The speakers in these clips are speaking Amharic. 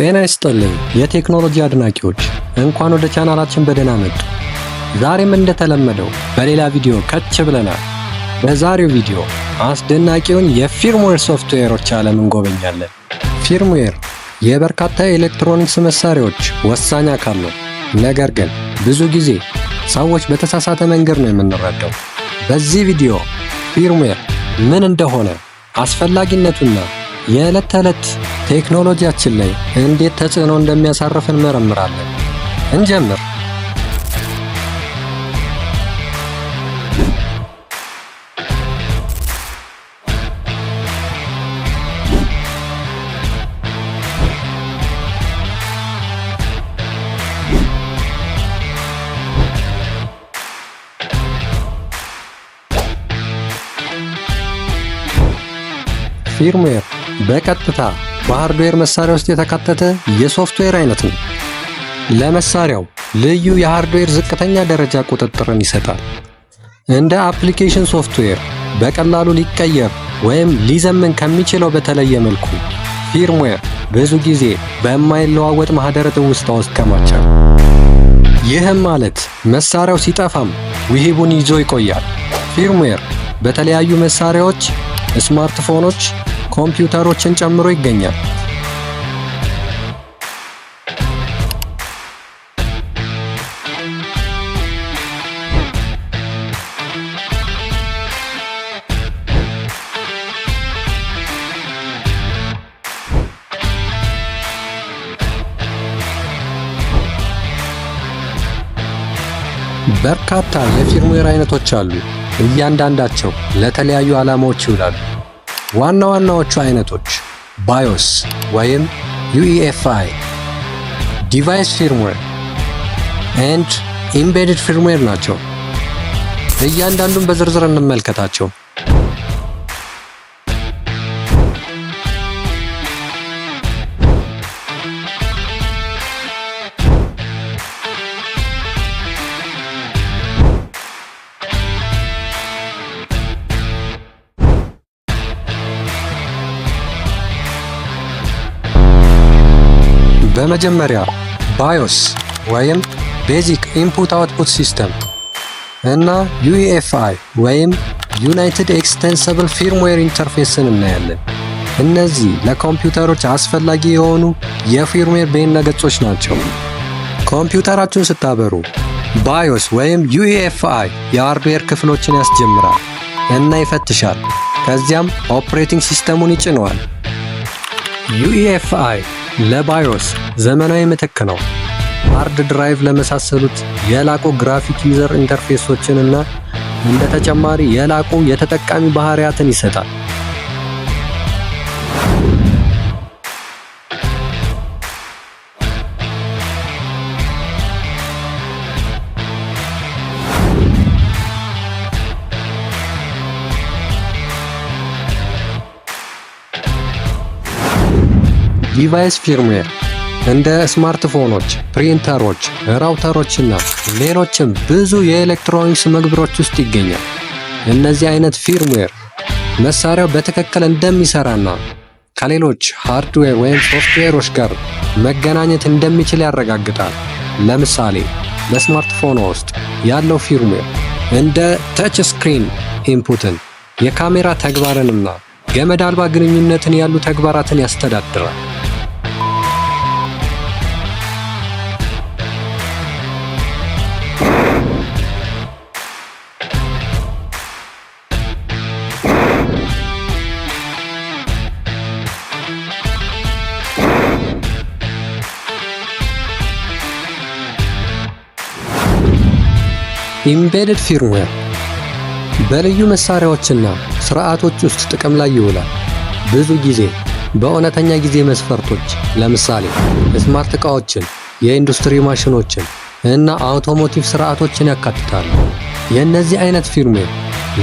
ጤና ይስጥልኝ የቴክኖሎጂ አድናቂዎች፣ እንኳን ወደ ቻናላችን በደህና መጡ። ዛሬም እንደተለመደው በሌላ ቪዲዮ ከች ብለናል። በዛሬው ቪዲዮ አስደናቂውን የፊርምዌር ሶፍትዌሮች ዓለም እንጎበኛለን። ፊርምዌር የበርካታ የኤሌክትሮኒክስ መሳሪያዎች ወሳኝ አካል ነው። ነገር ግን ብዙ ጊዜ ሰዎች በተሳሳተ መንገድ ነው የምንረዳው። በዚህ ቪዲዮ ፊርምዌር ምን እንደሆነ አስፈላጊነቱና የዕለት ተዕለት ቴክኖሎጂያችን ላይ እንዴት ተጽዕኖ እንደሚያሳርፍ እንመረምራለን። እንጀምር። ፊርምዌር በቀጥታ በሃርድዌር መሳሪያ ውስጥ የተካተተ የሶፍትዌር አይነት ነው። ለመሳሪያው ልዩ የሃርድዌር ዝቅተኛ ደረጃ ቁጥጥርን ይሰጣል። እንደ አፕሊኬሽን ሶፍትዌር በቀላሉ ሊቀየር ወይም ሊዘምን ከሚችለው በተለየ መልኩ ፊርምዌር ብዙ ጊዜ በማይለዋወጥ ማህደረ ትውስታ ውስጥ ይከማቻል። ይህም ማለት መሳሪያው ሲጠፋም ውሂቡን ይዞ ይቆያል። ፊርምዌር በተለያዩ መሳሪያዎች፣ ስማርትፎኖች፣ ኮምፒውተሮችን ጨምሮ ይገኛል። በርካታ የፊርምዌር አይነቶች አሉ። እያንዳንዳቸው ለተለያዩ ዓላማዎች ይውላሉ። ዋና ዋናዎቹ አይነቶች ባዮስ ወይም ዩኢኤፍአይ፣ ዲቫይስ ፊርምዌር ኤንድ ኢምቤድድ ፊርምዌር ናቸው። እያንዳንዱን በዝርዝር እንመልከታቸው። በመጀመሪያ ባዮስ ወይም ቤዚክ ኢንፑት አውትፑት ሲስተም እና ዩኤፍአይ ወይም ዩናይትድ ኤክስቴንሰብል ፊርምዌር ኢንተርፌስን እናያለን። እነዚህ ለኮምፒውተሮች አስፈላጊ የሆኑ የፊርምዌር በይነ ገጾች ናቸው። ኮምፒውተራችሁን ስታበሩ ባዮስ ወይም ዩኤፍአይ የሃርድዌር ክፍሎችን ያስጀምራል እና ይፈትሻል። ከዚያም ኦፕሬቲንግ ሲስተሙን ይጭነዋል። ዩኤፍአይ ለባዮስ ዘመናዊ ምትክ ነው። ሃርድ ድራይቭ ለመሳሰሉት የላቁ ግራፊክ ዩዘር ኢንተርፌሶችን እና እንደ ተጨማሪ የላቁ የተጠቃሚ ባህሪያትን ይሰጣል። ዲቫይስ ፊርምዌር እንደ ስማርትፎኖች፣ ፕሪንተሮች፣ ራውተሮችና ሌሎችም ብዙ የኤሌክትሮኒክስ መግብሮች ውስጥ ይገኛል። እነዚህ አይነት ፊርምዌር መሳሪያው በትክክል እንደሚሰራና ከሌሎች ሃርድዌር ወይም ሶፍትዌሮች ጋር መገናኘት እንደሚችል ያረጋግጣል። ለምሳሌ በስማርትፎን ውስጥ ያለው ፊርምዌር እንደ ተች ስክሪን ኢንፑትን፣ የካሜራ ተግባርንና ገመድ አልባ ግንኙነትን ያሉ ተግባራትን ያስተዳድራል። ኢምቤድድ ፊርምዌር በልዩ መሳሪያዎችና ስርዓቶች ውስጥ ጥቅም ላይ ይውላል። ብዙ ጊዜ በእውነተኛ ጊዜ መስፈርቶች ለምሳሌ ስማርት ዕቃዎችን፣ የኢንዱስትሪ ማሽኖችን እና አውቶሞቲቭ ስርዓቶችን ያካትታሉ። የእነዚህ አይነት ፊርምዌር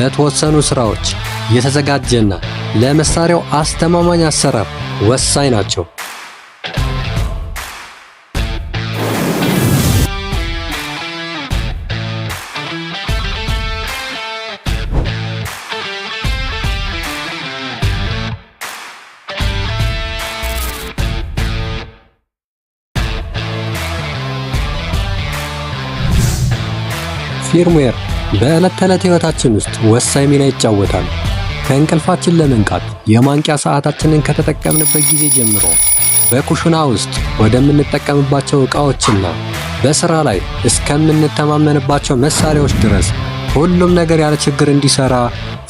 ለተወሰኑ ስራዎች የተዘጋጀና ለመሳሪያው አስተማማኝ አሰራር ወሳኝ ናቸው። ፊርምዌር በዕለት ተዕለት ሕይወታችን ውስጥ ወሳኝ ሚና ይጫወታል። ከእንቅልፋችን ለመንቃት የማንቂያ ሰዓታችንን ከተጠቀምንበት ጊዜ ጀምሮ በኩሽና ውስጥ ወደምንጠቀምባቸው ዕቃዎችና በሥራ ላይ እስከምንተማመንባቸው መሣሪያዎች ድረስ ሁሉም ነገር ያለ ችግር እንዲሠራ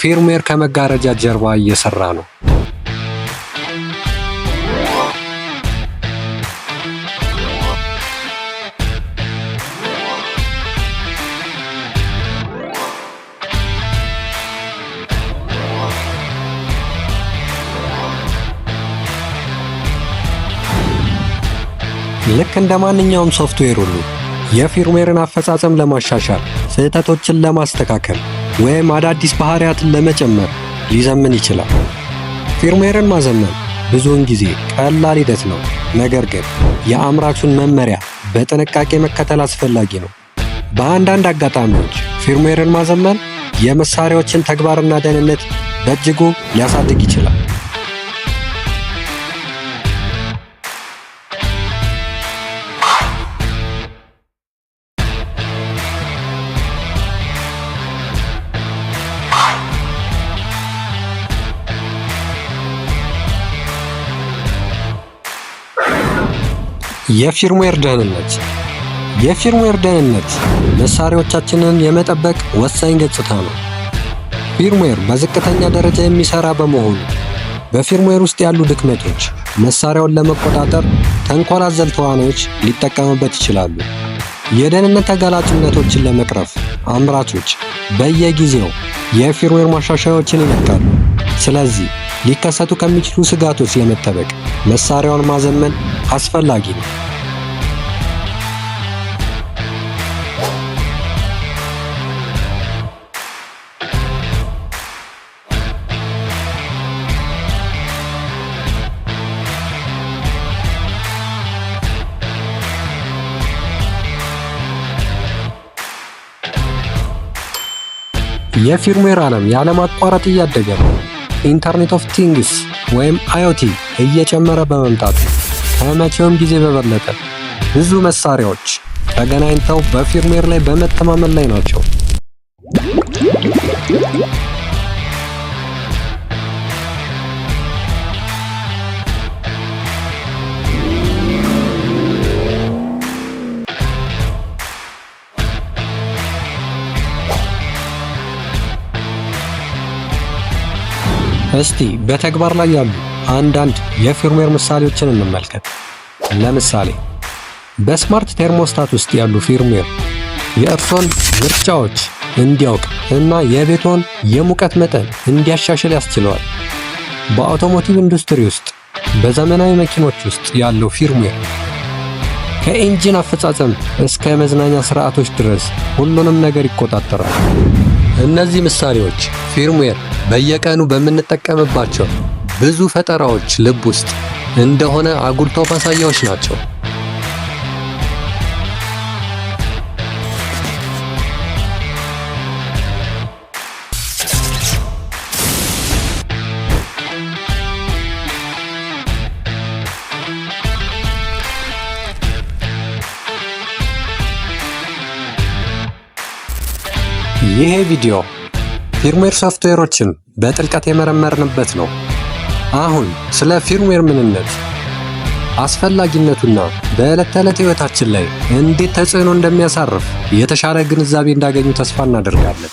ፊርምዌር ከመጋረጃ ጀርባ እየሠራ ነው። ልክ እንደ ማንኛውም ሶፍትዌር ሁሉ የፊርምዌርን አፈጻጸም ለማሻሻል፣ ስህተቶችን ለማስተካከል ወይም አዳዲስ ባህሪያትን ለመጨመር ሊዘምን ይችላል። ፊርምዌርን ማዘመን ብዙውን ጊዜ ቀላል ሂደት ነው፣ ነገር ግን የአምራቹን መመሪያ በጥንቃቄ መከተል አስፈላጊ ነው። በአንዳንድ አጋጣሚዎች ፊርምዌርን ማዘመን የመሳሪያዎችን ተግባርና ደህንነት በእጅጉ ሊያሳድግ ይችላል። የፊርምዌር ደህንነት የፊርምዌር ደህንነት መሳሪያዎቻችንን የመጠበቅ ወሳኝ ገጽታ ነው። ፊርምዌር በዝቅተኛ ደረጃ የሚሰራ በመሆኑ በፊርምዌር ውስጥ ያሉ ድክመቶች መሳሪያውን ለመቆጣጠር ተንኮል አዘል ተዋናዮች ይችላሉ። የደህንነት ተጋላጭነቶችን ለመቅረፍ አምራቾች በየጊዜው የፊርምዌር ማሻሻያዎችን ይነካሉ። ስለዚህ ሊከሰቱ ከሚችሉ ስጋቶች ለመጠበቅ መሳሪያውን ማዘመን አስፈላጊ ነው። የፊርምዌር ዓለም ያለማቋረጥ እያደገ ነው። ኢንተርኔት ኦፍ ቲንግስ ወይም አዮቲ እየጨመረ በመምጣቱ ከመቼውም ጊዜ በበለጠ ብዙ መሳሪያዎች ተገናኝተው በፊርምዌር ላይ በመተማመን ላይ ናቸው። እስቲ በተግባር ላይ ያሉ አንዳንድ የፊርምዌር ምሳሌዎችን እንመልከት። ለምሳሌ በስማርት ቴርሞስታት ውስጥ ያሉ ፊርምዌር የእርሶን ምርጫዎች እንዲያውቅ እና የቤቶን የሙቀት መጠን እንዲያሻሽል ያስችለዋል። በአውቶሞቲቭ ኢንዱስትሪ ውስጥ በዘመናዊ መኪኖች ውስጥ ያለው ፊርምዌር ከኢንጂን አፈጻጸም እስከ መዝናኛ ስርዓቶች ድረስ ሁሉንም ነገር ይቆጣጠራል። እነዚህ ምሳሌዎች ፊርምዌር በየቀኑ በምንጠቀምባቸው ብዙ ፈጠራዎች ልብ ውስጥ እንደሆነ አጉልቶ ማሳያዎች ናቸው። ይሄ ቪዲዮ ፊርምዌር ሶፍትዌሮችን በጥልቀት የመረመርንበት ነው። አሁን ስለ ፊርምዌር ምንነት አስፈላጊነቱና በዕለት ተዕለት ሕይወታችን ላይ እንዴት ተጽዕኖ እንደሚያሳርፍ የተሻለ ግንዛቤ እንዳገኙ ተስፋ እናደርጋለን።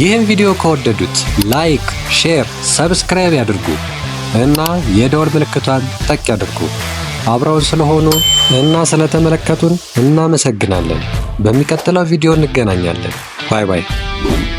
ይህን ቪዲዮ ከወደዱት ላይክ፣ ሼር፣ ሰብስክራይብ ያድርጉ እና የደወል ምልክቷን ጠቅ ያድርጉ። አብረውን ስለሆኑ እና ስለተመለከቱን እናመሰግናለን። በሚቀጥለው ቪዲዮ እንገናኛለን። ባይ ባይ።